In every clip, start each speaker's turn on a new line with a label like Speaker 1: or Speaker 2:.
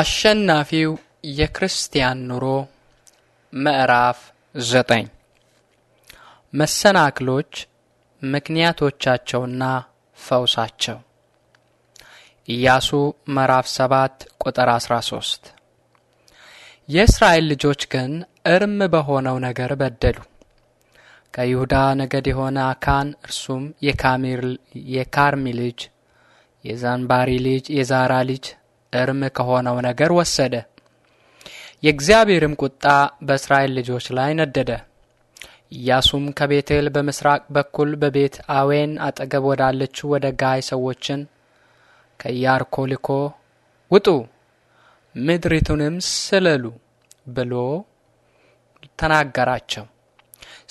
Speaker 1: አሸናፊው የክርስቲያን ኑሮ ምዕራፍ ዘጠኝ መሰናክሎች ምክንያቶቻቸውና ፈውሳቸው ኢያሱ ምዕራፍ ሰባት ቁጥር 13 የእስራኤል ልጆች ግን እርም በሆነው ነገር በደሉ ከይሁዳ ነገድ የሆነ አካን እርሱም የካርሚ ልጅ የዛንባሪ ልጅ የዛራ ልጅ እርም ከሆነው ነገር ወሰደ። የእግዚአብሔርም ቁጣ በእስራኤል ልጆች ላይ ነደደ። ኢያሱም ከቤቴል በምስራቅ በኩል በቤት አዌን አጠገብ ወዳለችው ወደ ጋይ ሰዎችን ከኢያሪኮ ልኮ ውጡ ምድሪቱንም ስለሉ ብሎ ተናገራቸው።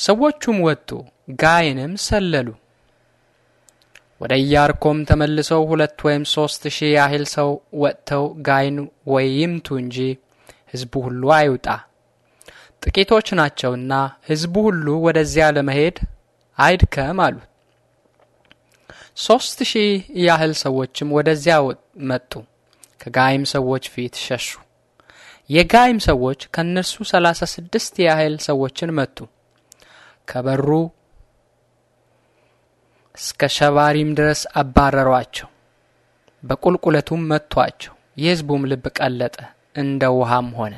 Speaker 1: ሰዎቹም ወጡ፣ ጋይንም ሰለሉ። ወደ ኢያርኮም ተመልሰው ሁለት ወይም ሦስት ሺህ ያህል ሰው ወጥተው ጋይን ወይ ይምቱ እንጂ ሕዝቡ ሁሉ አይውጣ፣ ጥቂቶች ናቸውና ሕዝቡ ሁሉ ወደዚያ ለመሄድ አይድከም አሉት። ሦስት ሺህ ያህል ሰዎችም ወደዚያ መጡ፣ ከጋይም ሰዎች ፊት ሸሹ። የጋይም ሰዎች ከእነርሱ ሰላሳ ስድስት ያህል ሰዎችን መቱ ከበሩ እስከ ሸባሪም ድረስ አባረሯቸው፣ በቁልቁለቱም መቷቸው። የሕዝቡም ልብ ቀለጠ፣ እንደ ውሃም ሆነ።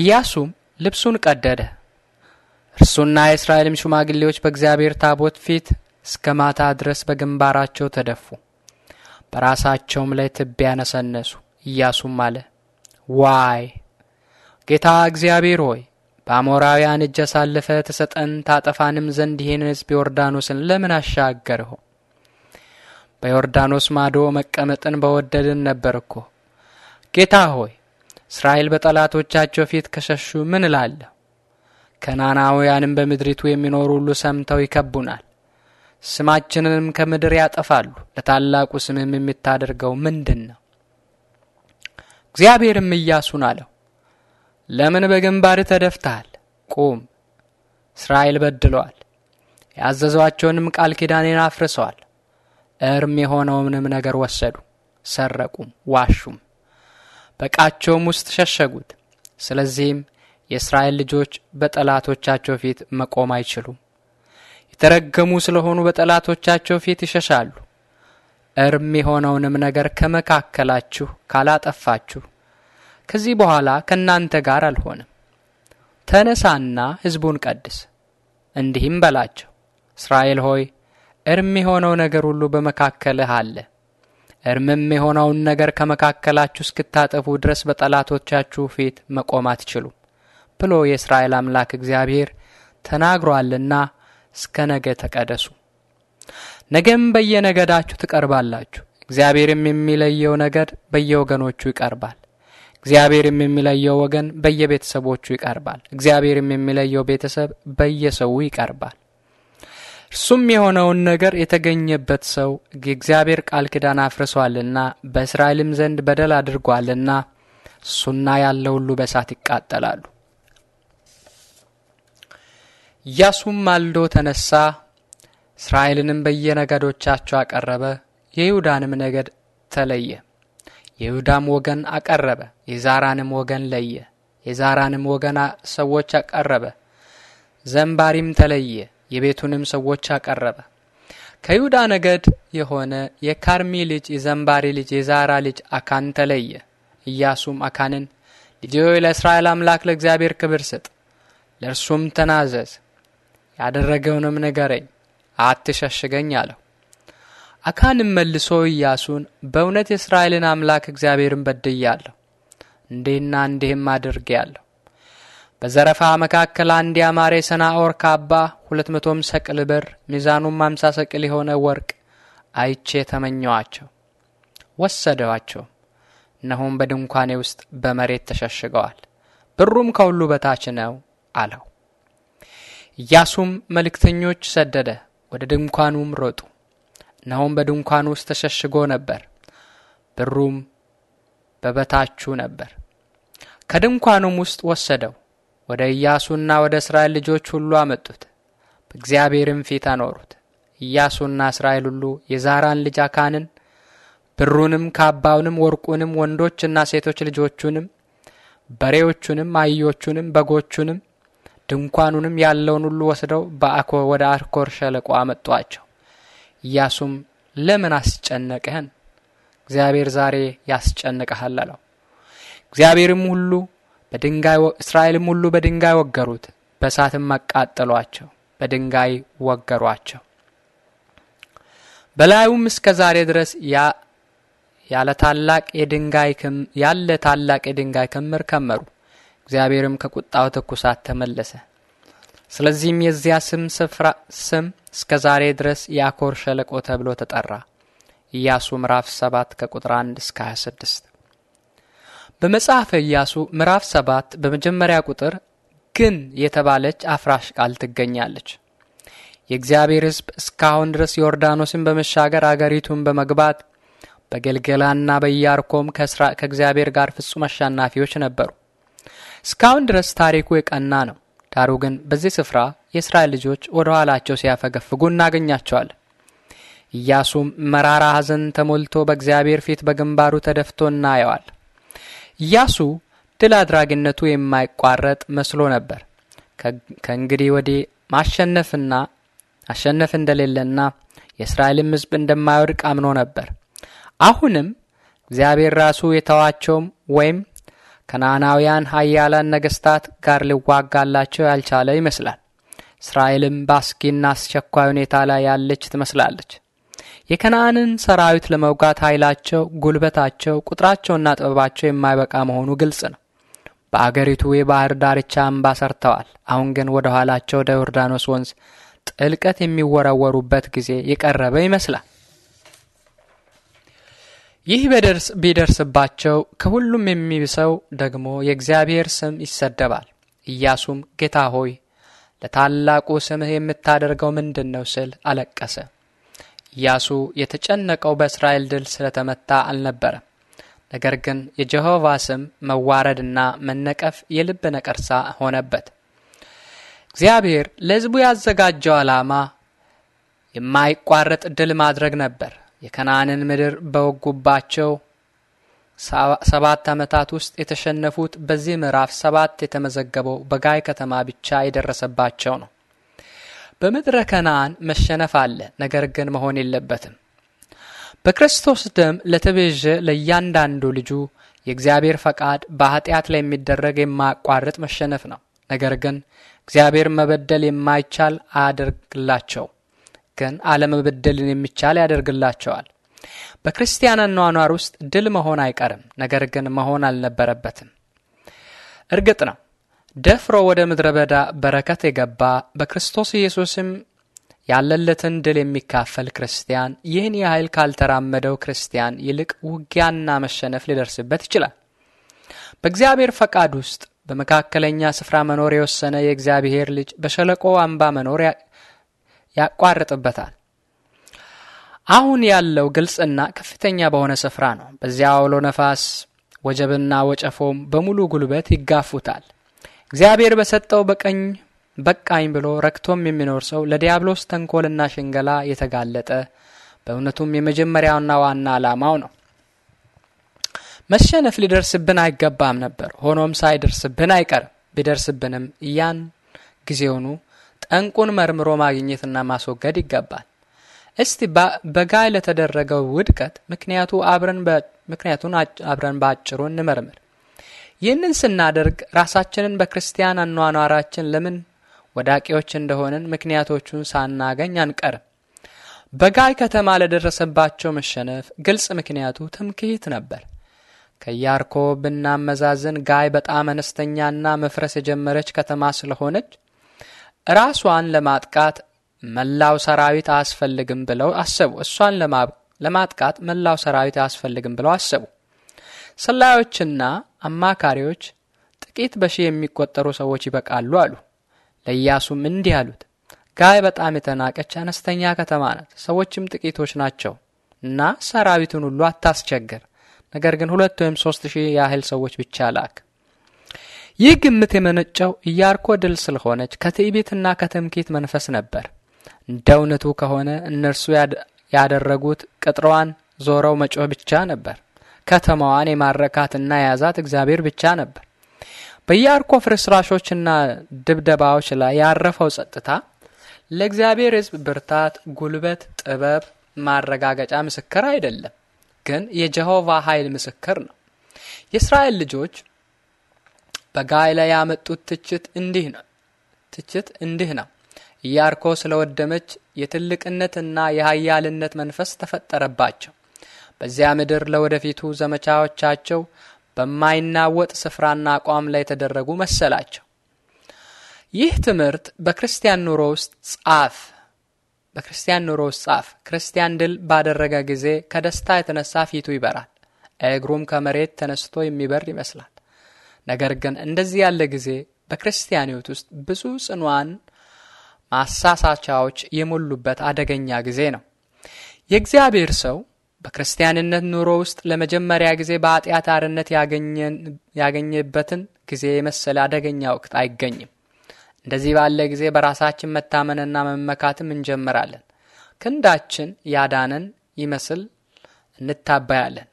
Speaker 1: ኢያሱም ልብሱን ቀደደ፣ እርሱና የእስራኤልም ሽማግሌዎች በእግዚአብሔር ታቦት ፊት እስከ ማታ ድረስ በግንባራቸው ተደፉ፣ በራሳቸውም ላይ ትቢያ ነሰነሱ። ኢያሱም አለ፣ ዋይ ጌታ እግዚአብሔር ሆይ በአሞራውያን እጅ አሳልፈ ተሰጠን ታጠፋንም ዘንድ ይህን ሕዝብ ዮርዳኖስን ለምን አሻገርሁ? በዮርዳኖስ ማዶ መቀመጥን በወደድን ነበር እኮ። ጌታ ሆይ እስራኤል በጠላቶቻቸው ፊት ከሸሹ ምን እላለሁ? ከናናውያንም በምድሪቱ የሚኖሩ ሁሉ ሰምተው ይከቡናል፣ ስማችንንም ከምድር ያጠፋሉ። ለታላቁ ስምም የምታደርገው ምንድን ነው? እግዚአብሔርም ኢያሱን አለው ለምን በግንባር ተደፍተሃል? ቁም። እስራኤል በድለዋል፣ ያዘዟቸውንም ቃል ኪዳኔን አፍርሰዋል። እርም የሆነውንም ነገር ወሰዱ፣ ሰረቁም፣ ዋሹም፣ በቃቸውም ውስጥ ሸሸጉት። ስለዚህም የእስራኤል ልጆች በጠላቶቻቸው ፊት መቆም አይችሉም። የተረገሙ ስለሆኑ በጠላቶቻቸው ፊት ይሸሻሉ። እርም የሆነውንም ነገር ከመካከላችሁ ካላጠፋችሁ ከዚህ በኋላ ከእናንተ ጋር አልሆንም። ተነሳና ሕዝቡን ቀድስ፣ እንዲህም በላቸው፣ እስራኤል ሆይ እርም የሆነው ነገር ሁሉ በመካከልህ አለ። እርምም የሆነውን ነገር ከመካከላችሁ እስክታጠፉ ድረስ በጠላቶቻችሁ ፊት መቆም አትችሉም ብሎ የእስራኤል አምላክ እግዚአብሔር ተናግሯልና እስከ ነገ ተቀደሱ። ነገም በየነገዳችሁ ትቀርባላችሁ። እግዚአብሔርም የሚለየው ነገድ በየወገኖቹ ይቀርባል። እግዚአብሔርም የሚለየው ወገን በየቤተሰቦቹ ይቀርባል። እግዚአብሔርም የሚለየው ቤተሰብ በየሰው ይቀርባል። እርሱም የሆነውን ነገር የተገኘበት ሰው የእግዚአብሔር ቃል ኪዳን አፍርሷልና በእስራኤልም ዘንድ በደል አድርጓልና እሱና ያለው ሁሉ በእሳት ይቃጠላሉ። ኢያሱም ማልዶ ተነሳ፣ እስራኤልንም በየነገዶቻቸው አቀረበ፣ የይሁዳንም ነገድ ተለየ። የይሁዳም ወገን አቀረበ፣ የዛራንም ወገን ለየ፣ የዛራንም ወገን ሰዎች አቀረበ። ዘንባሪም ተለየ፣ የቤቱንም ሰዎች አቀረበ። ከይሁዳ ነገድ የሆነ የካርሚ ልጅ የዘንባሪ ልጅ የዛራ ልጅ አካን ተለየ። ኢያሱም አካንን ልጅ ለእስራኤል አምላክ ለእግዚአብሔር ክብር ስጥ፣ ለእርሱም ተናዘዝ፣ ያደረገውንም ንገረኝ፣ አትሸሽገኝ አለው። አካንም መልሶ ኢያሱን በእውነት የእስራኤልን አምላክ እግዚአብሔርን በድያለሁ፣ እንዲህና እንዲህም አድርጌያለሁ። በዘረፋ መካከል አንድ ያማረ የሰናዖር ካባ ሁለት መቶም ሰቅል ብር ሚዛኑም አምሳ ሰቅል የሆነ ወርቅ አይቼ ተመኘዋቸው። ወሰደዋቸው፣ እነሆም በድንኳኔ ውስጥ በመሬት ተሸሽገዋል። ብሩም ከሁሉ በታች ነው አለው። ኢያሱም መልእክተኞች ሰደደ፣ ወደ ድንኳኑም ሮጡ። እነሆም በድንኳን ውስጥ ተሸሽጎ ነበር፣ ብሩም በበታቹ ነበር። ከድንኳኑም ውስጥ ወሰደው፣ ወደ ኢያሱና ወደ እስራኤል ልጆች ሁሉ አመጡት፣ በእግዚአብሔርም ፊት አኖሩት። ኢያሱና እስራኤል ሁሉ የዛራን ልጅ አካንን ብሩንም ካባውንም ወርቁንም ወንዶችና ሴቶች ልጆቹንም በሬዎቹንም አህዮቹንም በጎቹንም ድንኳኑንም ያለውን ሁሉ ወስደው በአኮ ወደ አርኮር ሸለቆ አመጧቸው። ኢያሱም ለምን አስጨነቅህን? እግዚአብሔር ዛሬ ያስጨንቀሃል አለው። እግዚአብሔርም ሁሉ በድንጋይ እስራኤልም ሁሉ በድንጋይ ወገሩት፣ በእሳትም አቃጠሏቸው፣ በድንጋይ ወገሯቸው። በላዩም እስከ ዛሬ ድረስ ያለ ታላቅ የድንጋይ ያለ ታላቅ የድንጋይ ክምር ከመሩ። እግዚአብሔርም ከቁጣው ትኩሳት ተመለሰ። ስለዚህም የዚያ ስም ስፍራ ስም እስከ ዛሬ ድረስ የአኮር ሸለቆ ተብሎ ተጠራ። ኢያሱ ምዕራፍ 7 ከቁጥር 1 እስከ 26። በመጽሐፈ ኢያሱ ምዕራፍ 7 በመጀመሪያ ቁጥር ግን የተባለች አፍራሽ ቃል ትገኛለች። የእግዚአብሔር ሕዝብ እስካሁን ድረስ ዮርዳኖስን በመሻገር አገሪቱን በመግባት በገልገላና በኢያሪኮም ከእግዚአብሔር ጋር ፍጹም አሸናፊዎች ነበሩ። እስካሁን ድረስ ታሪኩ የቀና ነው። ዳሩ ግን በዚህ ስፍራ የእስራኤል ልጆች ወደ ኋላቸው ሲያፈገፍጉ እናገኛቸዋለን። ኢያሱም መራራ ሐዘን ተሞልቶ በእግዚአብሔር ፊት በግንባሩ ተደፍቶ እናየዋል። ኢያሱ ድል አድራጊነቱ የማይቋረጥ መስሎ ነበር። ከእንግዲህ ወዲህ ማሸነፍና አሸነፍ እንደሌለና የእስራኤልም ሕዝብ እንደማይወድቅ አምኖ ነበር። አሁንም እግዚአብሔር ራሱ የተዋቸውም ወይም ከናናውያን ኃያላን ነገስታት ጋር ሊዋጋላቸው ያልቻለ ይመስላል። እስራኤልም በአስጊና አስቸኳይ ሁኔታ ላይ ያለች ትመስላለች። የከነአንን ሰራዊት ለመውጋት ኃይላቸው፣ ጉልበታቸው፣ ቁጥራቸውና ጥበባቸው የማይበቃ መሆኑ ግልጽ ነው። በአገሪቱ የባህር ዳርቻ አምባ ሰርተዋል። አሁን ግን ወደ ኋላቸው ወደ ዮርዳኖስ ወንዝ ጥልቀት የሚወረወሩበት ጊዜ የቀረበ ይመስላል። ይህ ቢደርስባቸው ከሁሉም የሚብሰው ደግሞ የእግዚአብሔር ስም ይሰደባል። ኢያሱም ጌታ ሆይ ለታላቁ ስምህ የምታደርገው ምንድን ነው ስል አለቀሰ። ኢያሱ የተጨነቀው በእስራኤል ድል ስለተመታ አልነበረም። ነገር ግን የጀሆቫ ስም መዋረድና መነቀፍ የልብ ነቀርሳ ሆነበት። እግዚአብሔር ለሕዝቡ ያዘጋጀው ዓላማ የማይቋረጥ ድል ማድረግ ነበር። የከናንን ምድር በወጉባቸው ሰባት ዓመታት ውስጥ የተሸነፉት በዚህ ምዕራፍ ሰባት የተመዘገበው በጋይ ከተማ ብቻ የደረሰባቸው ነው። በምድረ ከናን መሸነፍ አለ፣ ነገር ግን መሆን የለበትም። በክርስቶስ ደም ለተቤዠ ለእያንዳንዱ ልጁ የእግዚአብሔር ፈቃድ በኃጢአት ላይ የሚደረግ የማያቋርጥ መሸነፍ ነው። ነገር ግን እግዚአብሔር መበደል የማይቻል አያደርግላቸው ማባከን፣ አለመበደልን የሚቻል ያደርግላቸዋል። በክርስቲያን አኗኗር ውስጥ ድል መሆን አይቀርም፣ ነገር ግን መሆን አልነበረበትም። እርግጥ ነው ደፍሮ ወደ ምድረ በዳ በረከት የገባ በክርስቶስ ኢየሱስም ያለለትን ድል የሚካፈል ክርስቲያን ይህን ያህል ካልተራመደው ክርስቲያን ይልቅ ውጊያና መሸነፍ ሊደርስበት ይችላል። በእግዚአብሔር ፈቃድ ውስጥ በመካከለኛ ስፍራ መኖር የወሰነ የእግዚአብሔር ልጅ በሸለቆ አምባ መኖር ያቋርጥበታል። አሁን ያለው ግልጽና ከፍተኛ በሆነ ስፍራ ነው። በዚያ አውሎ ነፋስ ወጀብና ወጨፎም በሙሉ ጉልበት ይጋፉታል። እግዚአብሔር በሰጠው በቀኝ በቃኝ ብሎ ረክቶም የሚኖር ሰው ለዲያብሎስ ተንኮልና ሽንገላ የተጋለጠ በእውነቱም የመጀመሪያውና ዋና ዓላማው ነው። መሸነፍ ሊደርስብን አይገባም ነበር። ሆኖም ሳይደርስብን አይቀርም። ቢደርስብንም እያን ጊዜውኑ ጠንቁን መርምሮ ማግኘትና ማስወገድ ይገባል። እስቲ በጋይ ለተደረገው ውድቀት ምክንያቱ አብረን ምክንያቱን አብረን በአጭሩ እንመርምር። ይህንን ስናደርግ ራሳችንን በክርስቲያን አኗኗራችን ለምን ወዳቂዎች እንደሆንን ምክንያቶቹን ሳናገኝ አንቀርም። በጋይ ከተማ ለደረሰባቸው መሸነፍ ግልጽ ምክንያቱ ትምክህት ነበር። ከያርኮ ብናመዛዝን ጋይ በጣም አነስተኛና መፍረስ የጀመረች ከተማ ስለሆነች ራሷን ለማጥቃት መላው ሰራዊት አያስፈልግም ብለው አሰቡ። እሷን ለማጥቃት መላው ሰራዊት አያስፈልግም ብለው አሰቡ። ሰላዮችና አማካሪዎች ጥቂት በሺህ የሚቆጠሩ ሰዎች ይበቃሉ አሉ። ለኢያሱም እንዲህ አሉት፣ ጋይ በጣም የተናቀች አነስተኛ ከተማ ናት፣ ሰዎችም ጥቂቶች ናቸው እና ሰራዊቱን ሁሉ አታስቸግር። ነገር ግን ሁለት ወይም ሶስት ሺህ ያህል ሰዎች ብቻ ላክ። ይህ ግምት የመነጨው ኢያሪኮ ድል ስለሆነች ከትዕቢትና ከትምክህት መንፈስ ነበር። እንደ እውነቱ ከሆነ እነርሱ ያደረጉት ቅጥሯን ዞረው መጮህ ብቻ ነበር። ከተማዋን የማረካትና የያዛት እግዚአብሔር ብቻ ነበር። በኢያሪኮ ፍርስራሾችና ድብደባዎች ላይ ያረፈው ጸጥታ ለእግዚአብሔር ሕዝብ ብርታት፣ ጉልበት፣ ጥበብ ማረጋገጫ ምስክር አይደለም፣ ግን የጀሆቫ ኃይል ምስክር ነው። የእስራኤል ልጆች በጋይ ላይ ያመጡት ትችት እንዲህ ነው ትችት እንዲህ ነው። ኢያሪኮ ስለወደመች የትልቅነትና የኃያልነት መንፈስ ተፈጠረባቸው። በዚያ ምድር ለወደፊቱ ዘመቻዎቻቸው በማይናወጥ ስፍራና አቋም ላይ የተደረጉ መሰላቸው። ይህ ትምህርት በክርስቲያን ኑሮ ውስጥ ጻፍ በክርስቲያን ኑሮ ውስጥ ጻፍ። ክርስቲያን ድል ባደረገ ጊዜ ከደስታ የተነሳ ፊቱ ይበራል፣ እግሩም ከመሬት ተነስቶ የሚበር ይመስላል። ነገር ግን እንደዚህ ያለ ጊዜ በክርስቲያን ሕይወት ውስጥ ብዙ ጽኗን ማሳሳቻዎች የሞሉበት አደገኛ ጊዜ ነው። የእግዚአብሔር ሰው በክርስቲያንነት ኑሮ ውስጥ ለመጀመሪያ ጊዜ በኃጢአት አርነት ያገኘበትን ጊዜ የመሰለ አደገኛ ወቅት አይገኝም። እንደዚህ ባለ ጊዜ በራሳችን መታመንና መመካትም እንጀምራለን። ክንዳችን ያዳነን ይመስል እንታባያለን።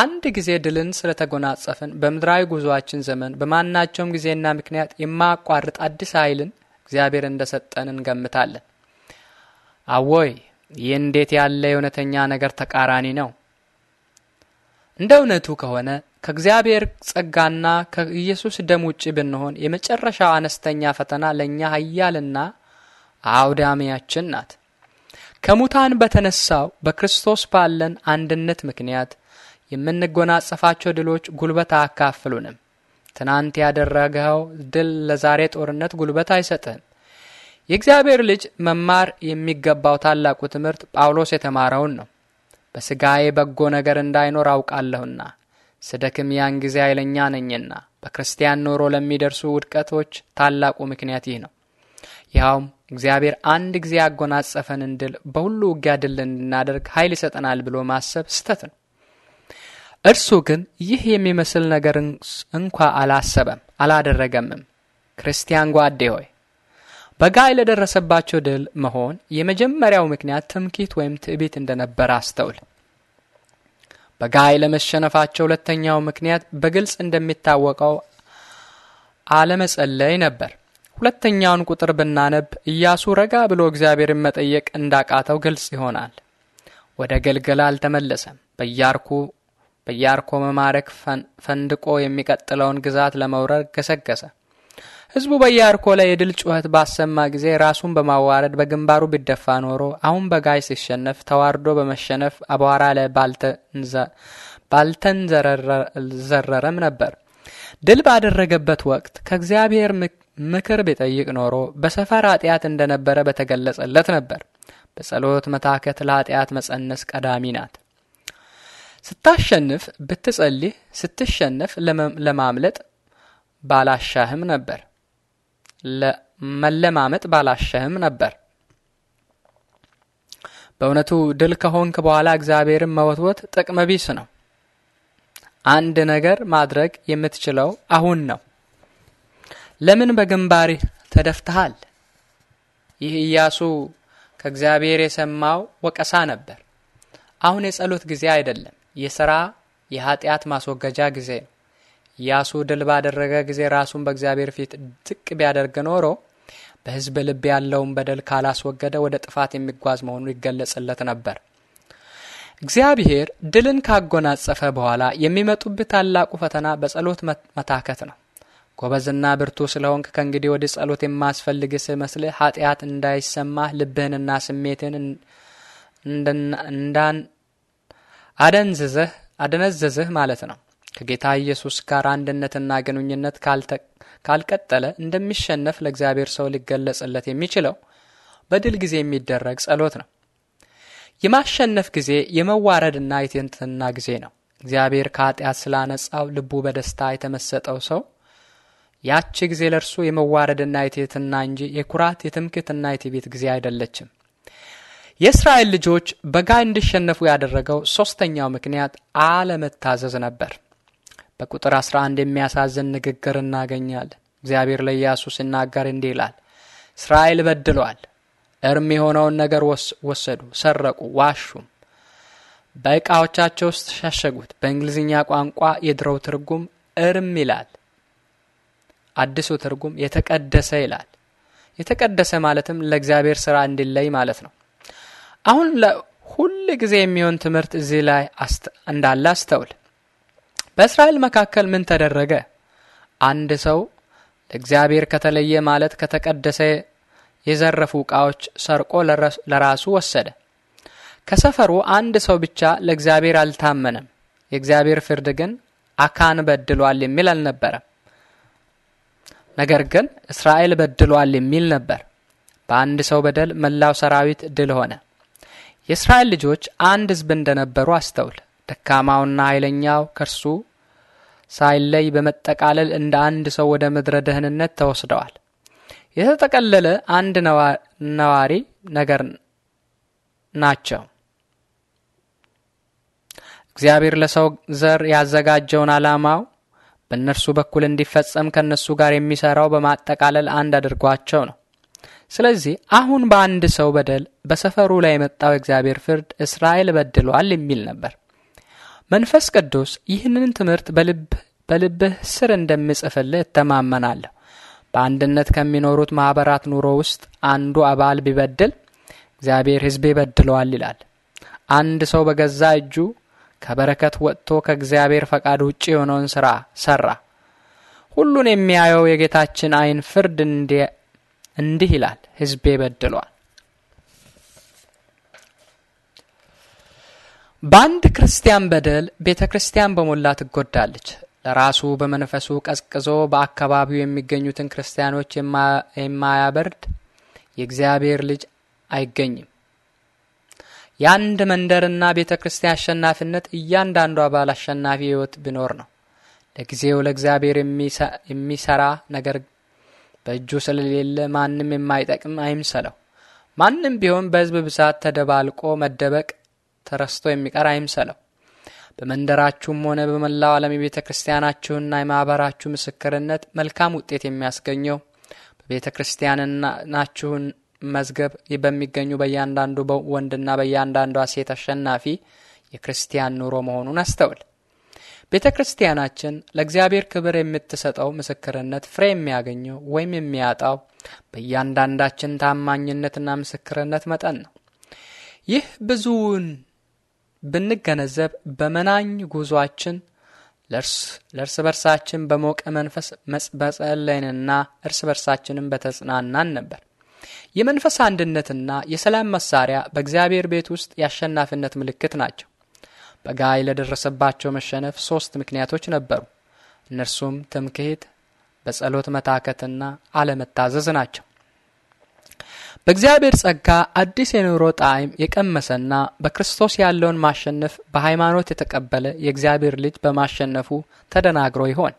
Speaker 1: አንድ ጊዜ ድልን ስለተጎናጸፍን በምድራዊ ጉዞአችን ዘመን በማናቸውም ጊዜና ምክንያት የማያቋርጥ አዲስ ኃይልን እግዚአብሔር እንደሰጠን እንገምታለን። አወይ ይህ እንዴት ያለ የእውነተኛ ነገር ተቃራኒ ነው! እንደ እውነቱ ከሆነ ከእግዚአብሔር ጸጋና ከኢየሱስ ደም ውጭ ብንሆን የመጨረሻው አነስተኛ ፈተና ለእኛ ኃያልና አውዳሚያችን ናት። ከሙታን በተነሳው በክርስቶስ ባለን አንድነት ምክንያት የምንጎናጸፋቸው ድሎች ጉልበት አያካፍሉንም። ትናንት ያደረገው ድል ለዛሬ ጦርነት ጉልበት አይሰጥህም። የእግዚአብሔር ልጅ መማር የሚገባው ታላቁ ትምህርት ጳውሎስ የተማረውን ነው። በሥጋዬ በጎ ነገር እንዳይኖር አውቃለሁና ስደክም ያን ጊዜ ኃይለኛ ነኝና። በክርስቲያን ኖሮ ለሚደርሱ ውድቀቶች ታላቁ ምክንያት ይህ ነው። ይኸውም እግዚአብሔር አንድ ጊዜ ያጎናጸፈንን ድል በሁሉ ውጊያ ድል እንድናደርግ ኃይል ይሰጠናል ብሎ ማሰብ ስህተት ነው። እርሱ ግን ይህ የሚመስል ነገር እንኳ አላሰበም አላደረገምም። ክርስቲያን ጓዴ ሆይ በጋይ ለደረሰባቸው ድል መሆን የመጀመሪያው ምክንያት ትምኪት ወይም ትዕቢት እንደነበረ አስተውል። በጋይ ለመሸነፋቸው ሁለተኛው ምክንያት በግልጽ እንደሚታወቀው አለመጸለይ ነበር። ሁለተኛውን ቁጥር ብናነብ ኢያሱ ረጋ ብሎ እግዚአብሔርን መጠየቅ እንዳቃተው ግልጽ ይሆናል። ወደ ገልገላ አልተመለሰም። በያርኩ በያርኮ መማረክ ፈንድቆ የሚቀጥለውን ግዛት ለመውረር ገሰገሰ። ሕዝቡ በያርኮ ላይ የድል ጩኸት ባሰማ ጊዜ ራሱን በማዋረድ በግንባሩ ቢደፋ ኖሮ አሁን በጋይ ሲሸነፍ ተዋርዶ በመሸነፍ አቧራ ላይ ባልተንዘረረም ነበር። ድል ባደረገበት ወቅት ከእግዚአብሔር ምክር ቢጠይቅ ኖሮ በሰፈር ኃጢአት እንደነበረ በተገለጸለት ነበር። በጸሎት መታከት ለኃጢአት መጸነስ ቀዳሚ ናት። ስታሸንፍ ብትጸልይ፣ ስትሸነፍ ለማምለጥ ባላሻህም ነበር ለመለማመጥ ባላሻህም ነበር። በእውነቱ ድል ከሆንክ በኋላ እግዚአብሔርን መወትወት ጥቅመ ቢስ ነው። አንድ ነገር ማድረግ የምትችለው አሁን ነው። ለምን በግንባር ተደፍተሃል? ይህ ኢያሱ ከእግዚአብሔር የሰማው ወቀሳ ነበር። አሁን የጸሎት ጊዜ አይደለም። የሥራ የኃጢአት ማስወገጃ ጊዜ ነው። ኢያሱ ድል ባደረገ ጊዜ ራሱን በእግዚአብሔር ፊት ዝቅ ቢያደርግ ኖሮ በሕዝብ ልብ ያለውን በደል ካላስወገደ ወደ ጥፋት የሚጓዝ መሆኑ ይገለጽለት ነበር። እግዚአብሔር ድልን ካጎናጸፈ በኋላ የሚመጡብህ ታላቁ ፈተና በጸሎት መታከት ነው። ጎበዝና ብርቱ ስለሆንክ ከእንግዲህ ወዲህ ጸሎት የማስፈልግ ስመስልህ ኃጢአት እንዳይሰማህ ልብህንና ስሜትን አደንዝዝህ አደነዘዝህ ማለት ነው። ከጌታ ኢየሱስ ጋር አንድነትና ግንኙነት ካልቀጠለ እንደሚሸነፍ ለእግዚአብሔር ሰው ሊገለጽለት የሚችለው በድል ጊዜ የሚደረግ ጸሎት ነው። የማሸነፍ ጊዜ የመዋረድና የትንትና ጊዜ ነው። እግዚአብሔር ከኃጢአት ስላነጻው ልቡ በደስታ የተመሰጠው ሰው ያቺ ጊዜ ለእርሱ የመዋረድና የትህትና እንጂ የኩራት የትምክህትና የትቤት ጊዜ አይደለችም። የእስራኤል ልጆች በጋይ እንዲሸነፉ ያደረገው ሦስተኛው ምክንያት አለመታዘዝ ነበር። በቁጥር 11 የሚያሳዝን ንግግር እናገኛለን። እግዚአብሔር ለኢያሱ ሲናገር እንዲህ ይላል፣ እስራኤል በድሏል፣ እርም የሆነውን ነገር ወሰዱ፣ ሰረቁ፣ ዋሹም፣ በዕቃዎቻቸው ውስጥ ሸሸጉት። በእንግሊዝኛ ቋንቋ የድሮው ትርጉም እርም ይላል፣ አዲሱ ትርጉም የተቀደሰ ይላል። የተቀደሰ ማለትም ለእግዚአብሔር ሥራ እንዲለይ ማለት ነው። አሁን ለሁል ጊዜ የሚሆን ትምህርት እዚህ ላይ እንዳለ አስተውል። በእስራኤል መካከል ምን ተደረገ? አንድ ሰው ለእግዚአብሔር ከተለየ ማለት ከተቀደሰ የዘረፉ ዕቃዎች ሰርቆ ለራሱ ወሰደ። ከሰፈሩ አንድ ሰው ብቻ ለእግዚአብሔር አልታመነም። የእግዚአብሔር ፍርድ ግን አካን በድሏል የሚል አልነበረም። ነገር ግን እስራኤል በድሏል የሚል ነበር። በአንድ ሰው በደል መላው ሰራዊት ድል ሆነ። የእስራኤል ልጆች አንድ ሕዝብ እንደነበሩ አስተውል። ደካማውና ኃይለኛው ከእርሱ ሳይለይ በመጠቃለል እንደ አንድ ሰው ወደ ምድረ ደህንነት ተወስደዋል። የተጠቀለለ አንድ ነዋሪ ነገር ናቸው። እግዚአብሔር ለሰው ዘር ያዘጋጀውን ዓላማው በእነርሱ በኩል እንዲፈጸም ከእነሱ ጋር የሚሰራው በማጠቃለል አንድ አድርጓቸው ነው። ስለዚህ አሁን በአንድ ሰው በደል በሰፈሩ ላይ የመጣው እግዚአብሔር ፍርድ እስራኤል በድሏል የሚል ነበር። መንፈስ ቅዱስ ይህንን ትምህርት በልብህ ስር እንደሚጽፍልህ እተማመናለሁ። በአንድነት ከሚኖሩት ማኅበራት ኑሮ ውስጥ አንዱ አባል ቢበድል እግዚአብሔር ሕዝቤ በድለዋል ይላል። አንድ ሰው በገዛ እጁ ከበረከት ወጥቶ ከእግዚአብሔር ፈቃድ ውጭ የሆነውን ሥራ ሠራ። ሁሉን የሚያየው የጌታችን ዐይን ፍርድ እንዲህ ይላል፣ ህዝቤ በድሏል። በአንድ ክርስቲያን በደል ቤተ ክርስቲያን በሞላ ትጎዳለች። ለራሱ በመንፈሱ ቀዝቅዞ በአካባቢው የሚገኙትን ክርስቲያኖች የማያበርድ የእግዚአብሔር ልጅ አይገኝም። የአንድ መንደርና ቤተ ክርስቲያን አሸናፊነት እያንዳንዱ አባል አሸናፊ ህይወት ቢኖር ነው። ለጊዜው ለእግዚአብሔር የሚሰራ ነገር በእጁ ስለሌለ ማንም የማይጠቅም አይምሰለው። ማንም ቢሆን በሕዝብ ብዛት ተደባልቆ መደበቅ ተረስቶ የሚቀር አይምሰለው። በመንደራችሁም ሆነ በመላው ዓለም የቤተ ክርስቲያናችሁና የማኅበራችሁ ምስክርነት መልካም ውጤት የሚያስገኘው በቤተ ክርስቲያናችሁን መዝገብ በሚገኙ በእያንዳንዱ ወንድና በእያንዳንዷ ሴት አሸናፊ የክርስቲያን ኑሮ መሆኑን አስተውል። ቤተ ክርስቲያናችን ለእግዚአብሔር ክብር የምትሰጠው ምስክርነት ፍሬ የሚያገኘው ወይም የሚያጣው በእያንዳንዳችን ታማኝነትና ምስክርነት መጠን ነው። ይህ ብዙውን ብንገነዘብ በመናኝ ጉዟችን ለእርስ በርሳችን በሞቀ መንፈስ መጽበጸለንና እርስ በርሳችንም በተጽናናን ነበር። የመንፈስ አንድነትና የሰላም መሳሪያ በእግዚአብሔር ቤት ውስጥ የአሸናፊነት ምልክት ናቸው። በጋይ ለደረሰባቸው መሸነፍ ሶስት ምክንያቶች ነበሩ። እነርሱም ትምክህት፣ በጸሎት መታከትና አለመታዘዝ ናቸው። በእግዚአብሔር ጸጋ አዲስ የኑሮ ጣዕም የቀመሰና በክርስቶስ ያለውን ማሸነፍ በሃይማኖት የተቀበለ የእግዚአብሔር ልጅ በማሸነፉ ተደናግሮ ይሆን?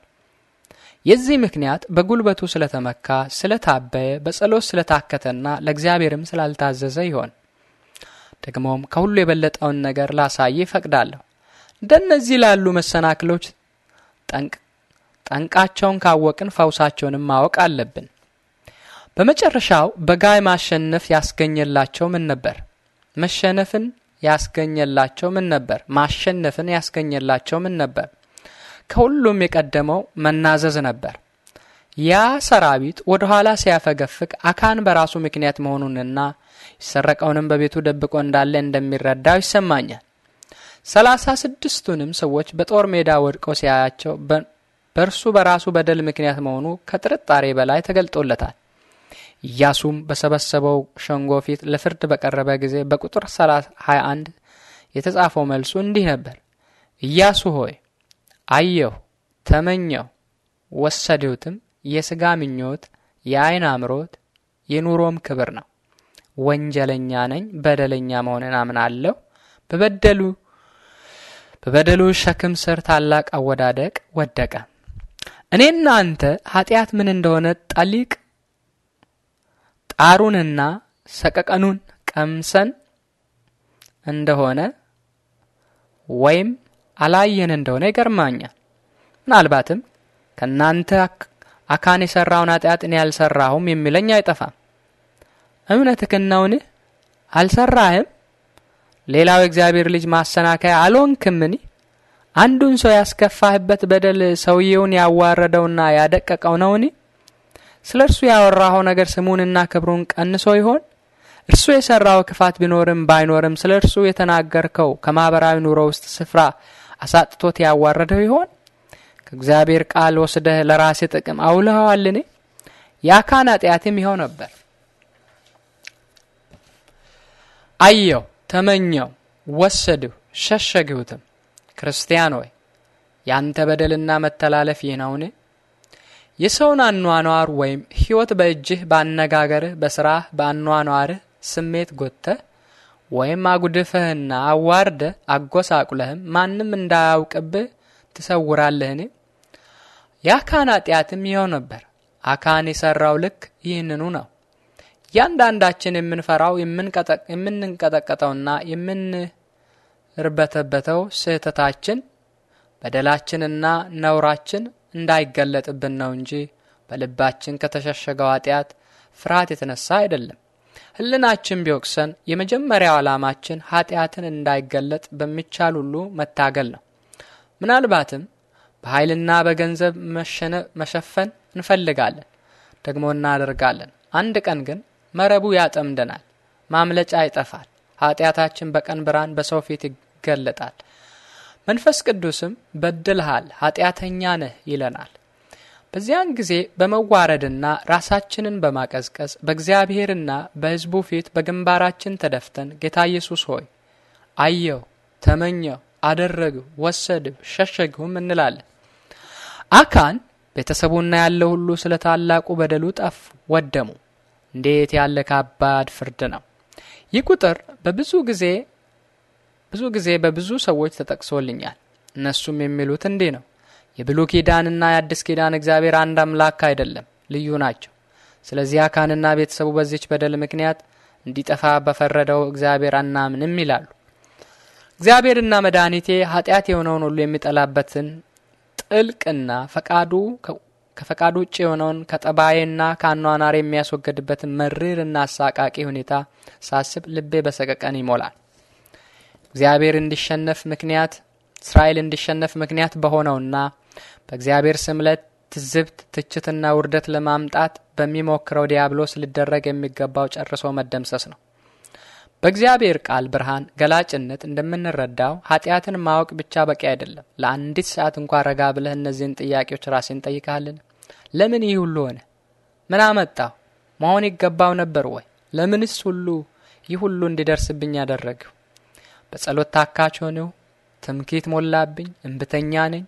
Speaker 1: የዚህ ምክንያት በጉልበቱ ስለተመካ፣ ስለታበየ፣ በጸሎት ስለታከተና ለእግዚአብሔርም ስላልታዘዘ ይሆን? ደግሞም ከሁሉ የበለጠውን ነገር ላሳይ ይፈቅዳለሁ። እንደነዚህ ላሉ መሰናክሎች ጠንቃቸውን ካወቅን ፈውሳቸውንም ማወቅ አለብን። በመጨረሻው በጋይ ማሸነፍ ያስገኘላቸው ምን ነበር? መሸነፍን ያስገኘላቸው ምን ነበር? ማሸነፍን ያስገኘላቸው ምን ነበር? ከሁሉም የቀደመው መናዘዝ ነበር። ያ ሰራዊት ወደ ኋላ ሲያፈገፍግ አካን በራሱ ምክንያት መሆኑንና የሰረቀውንም በቤቱ ደብቆ እንዳለ እንደሚረዳው ይሰማኛል። ሰላሳ ስድስቱንም ሰዎች በጦር ሜዳ ወድቀው ሲያያቸው በእርሱ በራሱ በደል ምክንያት መሆኑ ከጥርጣሬ በላይ ተገልጦለታል። ኢያሱም በሰበሰበው ሸንጎ ፊት ለፍርድ በቀረበ ጊዜ በቁጥር 21 የተጻፈው መልሱ እንዲህ ነበር። ኢያሱ ሆይ አየሁ፣ ተመኘሁ፣ ወሰድሁትም። የሥጋ ምኞት፣ የአይን አምሮት፣ የኑሮም ክብር ነው። ወንጀለኛ ነኝ፣ በደለኛ መሆንን አምናለሁ። በበደሉ በበደሉ ሸክም ስር ታላቅ አወዳደቅ ወደቀ። እኔና አንተ ኃጢአት ምን እንደሆነ ጠሊቅ ጣሩንና ሰቀቀኑን ቀምሰን እንደሆነ ወይም አላየን እንደሆነ ይገርማኛል። ምናልባትም ከእናንተ አካን የሰራውን ኃጢአት እኔ ያልሰራሁም የሚለኝ አይጠፋም። እምነትህን ነውን? አልሰራህም? ሌላው የእግዚአብሔር ልጅ ማሰናከያ አልሆንክምን? አንዱን ሰው ያስከፋህበት በደል ሰውየውን ያዋረደውና ያደቀቀው ነውን? ስለ እርሱ ያወራኸው ነገር ስሙንና ክብሩን ቀንሶ ይሆን? እርሱ የሰራው ክፋት ቢኖርም ባይኖርም ስለ እርሱ የተናገርከው ከማኅበራዊ ኑሮ ውስጥ ስፍራ አሳጥቶት ያዋረደው ይሆን? ከእግዚአብሔር ቃል ወስደህ ለራሴ ጥቅም አውለኸዋልን? የአካን ኃጢአትም ይኸው ነበር። አየሁ፣ ተመኘው፣ ወሰድሁ፣ ሸሸግሁትም። ክርስቲያን ሆይ ያንተ በደልና መተላለፍ ይህ ነውን? የሰውን አኗኗር ወይም ሕይወት በእጅህ በአነጋገርህ፣ በሥራህ፣ በአኗኗርህ ስሜት ጎተህ ወይም አጉድፈህና አዋርደህ አጎሳቁለህም ማንም እንዳያውቅብህ ትሰውራለህን? የአካን ኃጢአትም ይኸው ነበር። አካን የሠራው ልክ ይህንኑ ነው። እያንዳንዳችን የምንፈራው የምንንቀጠቀጠውና የምንርበተበተው ስህተታችን በደላችንና ነውራችን እንዳይገለጥብን ነው እንጂ በልባችን ከተሸሸገው ኃጢአት ፍርሃት የተነሳ አይደለም። ህልናችን ቢወቅሰን የመጀመሪያው ዓላማችን ኃጢአትን እንዳይገለጥ በሚቻል ሁሉ መታገል ነው። ምናልባትም በኃይልና በገንዘብ መሸፈን እንፈልጋለን፣ ደግሞ እናደርጋለን። አንድ ቀን ግን መረቡ ያጠምደናል፣ ማምለጫ ይጠፋል። ኃጢአታችን በቀን ብርሃን በሰው ፊት ይገለጣል። መንፈስ ቅዱስም በድልሃል፣ ኃጢአተኛ ነህ ይለናል። በዚያን ጊዜ በመዋረድና ራሳችንን በማቀዝቀዝ በእግዚአብሔርና በሕዝቡ ፊት በግንባራችን ተደፍተን ጌታ ኢየሱስ ሆይ አየው፣ ተመኘው፣ አደረግ፣ ወሰድሁ፣ ሸሸግሁም እንላለን። አካን ቤተሰቡና ያለው ሁሉ ስለ ታላቁ በደሉ ጠፉ፣ ወደሙ። እንዴት ያለ ከባድ ፍርድ ነው! ይህ ቁጥር በብዙ ጊዜ ብዙ ጊዜ በብዙ ሰዎች ተጠቅሶልኛል። እነሱም የሚሉት እንዲህ ነው። የብሉይ ኪዳንና የአዲስ ኪዳን እግዚአብሔር አንድ አምላክ አይደለም፣ ልዩ ናቸው። ስለዚህ አካንና ቤተሰቡ በዚች በደል ምክንያት እንዲጠፋ በፈረደው እግዚአብሔር አናምንም ይላሉ። እግዚአብሔርና መድኃኒቴ ኃጢአት የሆነውን ሁሉ የሚጠላበትን ጥልቅና ፈቃዱ ከፈቃድ ውጭ የሆነውን ከጠባዬና ከአኗኗር የሚያስወገድበትን መሪርና አሳቃቂ ሁኔታ ሳስብ ልቤ በሰቀቀን ይሞላል። እግዚአብሔር እንዲሸነፍ ምክንያት እስራኤል እንዲሸነፍ ምክንያት በሆነውና በእግዚአብሔር ስምለት ትዝብት፣ ትችትና ውርደት ለማምጣት በሚሞክረው ዲያብሎስ ሊደረግ የሚገባው ጨርሶ መደምሰስ ነው። በእግዚአብሔር ቃል ብርሃን ገላጭነት እንደምንረዳው ኃጢአትን ማወቅ ብቻ በቂ አይደለም። ለአንዲት ሰዓት እንኳ ረጋ ብለህ እነዚህን ጥያቄዎች ራሴን ጠይቀሃልን? ለምን ይህ ሁሉ ሆነ? ምን አመጣው? መሆን ይገባው ነበር ወይ? ለምንስ ሁሉ ይህ ሁሉ እንዲደርስብኝ ያደረግሁ? በጸሎት ታካች ሆንሁ። ትምክህት ሞላብኝ። እምብተኛ ነኝ።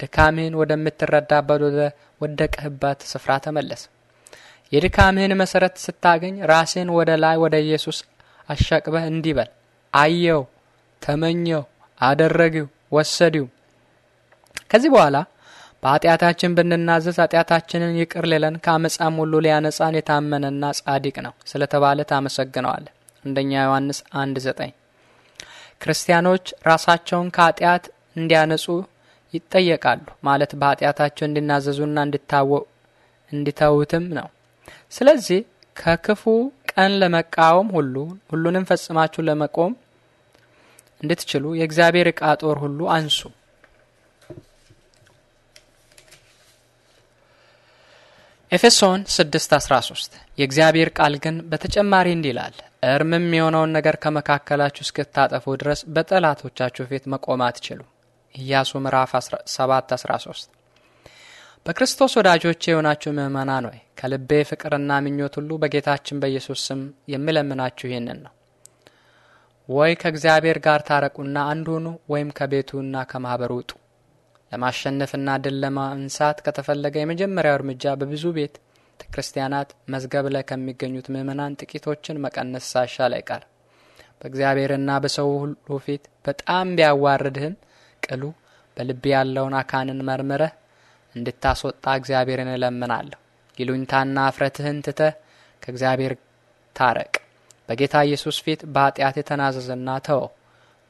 Speaker 1: ድካምህን ወደምትረዳበት ወደቀህባት ስፍራ ተመለስ። የድካምህን መሰረት ስታገኝ ራስህን ወደ ላይ ወደ ኢየሱስ አሻቅበህ እንዲህ በል፣ አየው፣ ተመኘው፣ አደረግው፣ ወሰድው። ከዚህ በኋላ በኃጢአታችን ብንናዘዝ ኃጢአታችንን ይቅር ሊለን ከአመፃም ሁሉ ሊያነጻን የታመነና ጻድቅ ነው ተባለ ታመሰግነዋል። አንደኛ ዮሐንስ አንድ ዘጠኝ ክርስቲያኖች ራሳቸውን ከኃጢአት እንዲያነጹ ይጠየቃሉ ማለት በኃጢአታቸው እንዲናዘዙና እንዲታወቁ እንዲተውትም ነው። ስለዚህ ከክፉ ቀን ለመቃወም ሁሉ ሁሉንም ፈጽማችሁ ለመቆም እንድትችሉ የእግዚአብሔር ዕቃ ጦር ሁሉ አንሱ። ኤፌሶን 6:13 የእግዚአብሔር ቃል ግን በተጨማሪ እንዲህ ይላል፣ እርምም የሆነውን ነገር ከመካከላችሁ እስክታጠፉ ድረስ በጠላቶቻችሁ ፊት መቆም አትችሉ። ኢያሱ ምዕራፍ 7:13 በክርስቶስ ወዳጆች የሆናችሁ ምዕመናን ሆይ ከልቤ ፍቅርና ምኞት ሁሉ በጌታችን በኢየሱስ ስም የምለምናችሁ ይህንን ነው። ወይ ከእግዚአብሔር ጋር ታረቁና አንድ ሁኑ፣ ወይም ከቤቱና ከማኅበሩ ውጡ። ለማሸነፍና ድል ለማንሳት ከተፈለገ የመጀመሪያው እርምጃ በብዙ ቤት ክርስቲያናት መዝገብ ላይ ከሚገኙት ምእመናን ጥቂቶችን መቀነስ ሳይሻል አይቀር። በእግዚአብሔርና በሰው ሁሉ ፊት በጣም ቢያዋርድህም ቅሉ በልብ ያለውን አካንን መርምረህ እንድታስወጣ እግዚአብሔርን እለምናለሁ። ይሉኝታና እፍረትህን ትተህ ከእግዚአብሔር ታረቅ። በጌታ ኢየሱስ ፊት በኃጢአት የተናዘዝና ተወው፣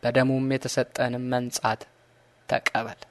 Speaker 1: በደሙም የተሰጠንም መንጻት ተቀበል።